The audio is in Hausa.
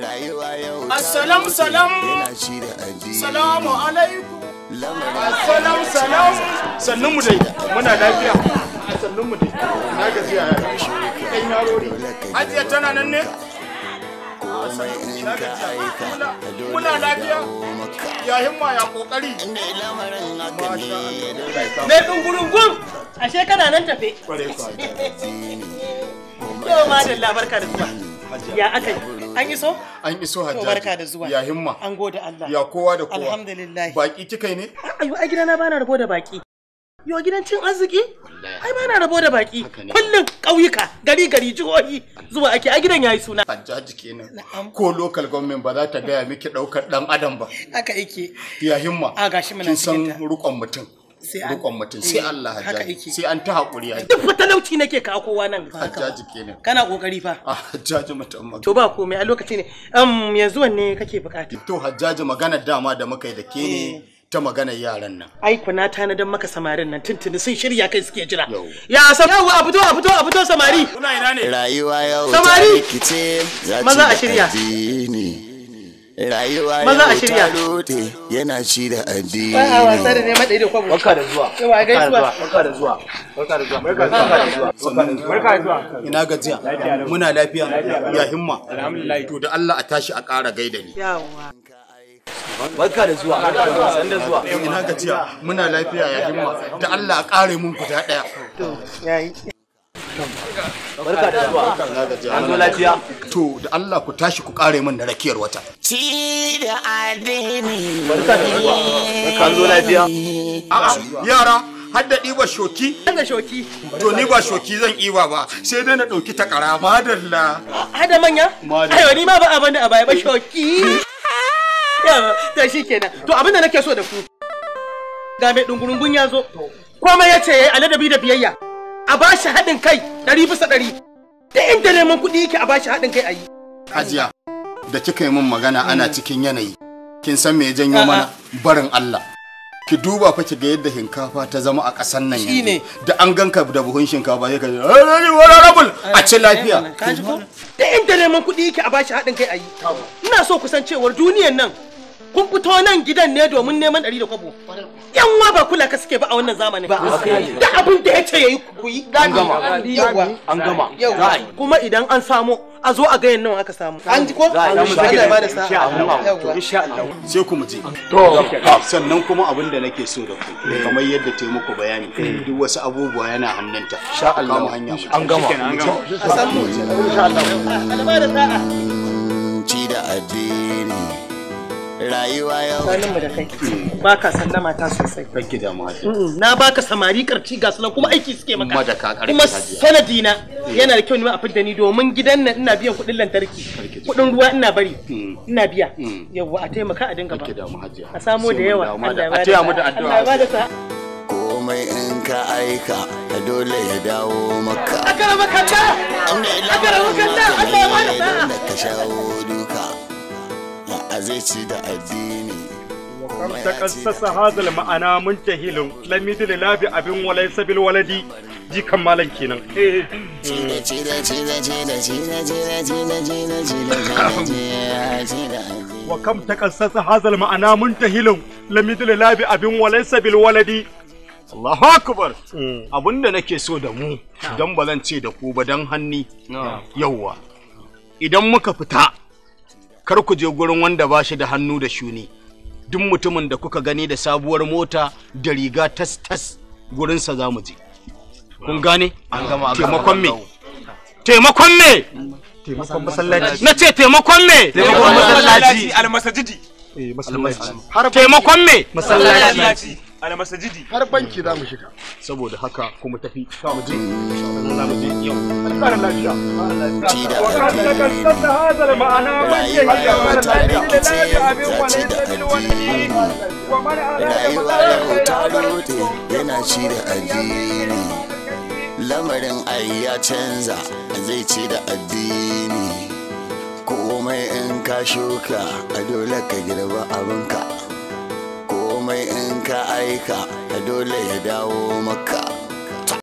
assalamu salam salamu alaikum assalamu salam sannun mu dai muna lafiya sannun mu dai na gajiya kai rori. ajiya tana nan ne muna lafiya ya himma ya kokari ne dungurungun A shekara nan tafe yau ma da labarka da zuwa ya aka yi an iso an iso hajjaji to barka da zuwa ya himma an gode Allah ya kowa da kowa alhamdulillah baki kikai ne ayo a gidana bana rabo da baki yo gidan cin arziki ai bana rabo da baki kullum ƙauyuka gari gari jihohi zuwa ake a gidan yayi suna hajjaji kenan ko local government ba za ta gaya miki daukar dan adam ba haka yake ya himma a gashi muna cikin san rukon mutum rukon mutum sai eh, Allah hajjaji sai an ta haƙuri a duk wata lauci nake kawo kowa nan hajjaji kenan kana ƙoƙari fa a ah, hajjaji mutum to ba komai a lokaci ne um, yanzu wanne kake buƙata. to hajjaji magana dama da muka yi da ke ne eh. ta maganar yaran nan. Ai kuna don maka samarin nan tuntuni sun shirya kai suke jira. Ya san a fito a fito a fito samari. Kuna ina ne? Rayuwa yau. Samari. Maza a shirya. rayuwa ya shirya lote yana ci da addini ba a wasa da neman da kwabo barka da zuwa yawa zuwa barka da zuwa barka da zuwa barka da zuwa barka da zuwa ina gajiya muna lafiya ya himma alhamdulillah to da Allah a tashi a ƙara gaida ni yawa barka da zuwa san da zuwa ina gajiya muna lafiya ya himma da Allah a ƙare mun guda daya to yayi barka da zuwa an zo lafiya to da Allah ku tashi ku kare min da rakiyar wata ci da adini barka da zuwa an zo lafiya a'a yara har da ɗiba shoki? Ana shoki. To ni ba shoki zan ɗiba ba sai dai na ɗauki takara madalla. Hada manya? Madalla. Ayo ni ma ba abin da a baya ba shoki. Da shi kenan. To abin da nake so da ku. Ga mai ɗungurungun ya zo. Komai ya ce ya yi aladabi da biyayya. a bashi haɗin kai ɗari bisa ɗari da inda neman kuɗi yake a kai a Hajiya da kika yi min magana ana cikin yanayi kin san me ya janyo mana barin Allah. Ki duba fa ki ga yadda hinkafa ta zama a ƙasan nan yanzu. Da an ganka da buhun shinkafa sai ka rabul a ci lafiya. Da inda neman kuɗi yake a bashi haɗin kai ayi. Ina so kusan cewar duniyan nan kun fito nan gidan ne domin neman ɗari da kwabo wa ba kula ka suke ba a wannan zamanin da abin da ya ce ya yi ku yi an gama an gama kuma idan an samo a zo a gayan nawa aka samu an ji ko Allah ya bada sa'a insha Allah sai ku mu ji to sannan kuma abin da nake so da ku kamar yadda ta muku bayani duk wasu abubuwa yana hannunta insha Allah hanya an gama an gama insha Allah Allah ya bada sa'a ci da addini rayuwa yau sanin mu da kai ba ka sallama ta sosai kake da mu na baka samari karci ga sunan kuma aiki suke maka madaka karfi kuma sanadi na mm. yana da kyau ma a fidda ni domin gidan nan ina biyan kuɗin lantarki kuɗin ruwa ina bari mm. ina biya mm. yawa a taimaka a dinga ba a samo da yawa a taya mu da addu'a komai in ka aika ka dole ya dawo maka akara makalla akara makalla Allah ya bada sa'a ci da addini ma'ana mun ta المعنى منتهل da يدل abin walai sabil waladi ji malan kenan. Wa kam ta kansasa hazal ma'ana mun tahilin da labi abin walai sabil waladi Allahu akbar abinda nake so da mu don ba zan ce da ku ba don hanni yawwa idan muka fita kar ku je gurin wanda ba shi da hannu da shuni duk mutumin da kuka gani da sabuwar mota da riga tas tas gurinsa za mu je kun gane taimakon me taimakon me masallaci na ce taimakon me taimakon masallaci almasajidi eh, taimakon me masallaci almasajidi har banki za mu shiga saboda haka kuma tafi ka mu je za mu je yau alƙarar lafiya wa kan da kan sanda hazal ma'ana bayyana ya mara lafiya da lafiya abin wani da bil wani wa man rayuwa yau ta rute yana ci da addini lamarin ai ya canza zai ci da addini komai in ka shuka a dole ka girba abinka komai in ka aika dole ya dawo maka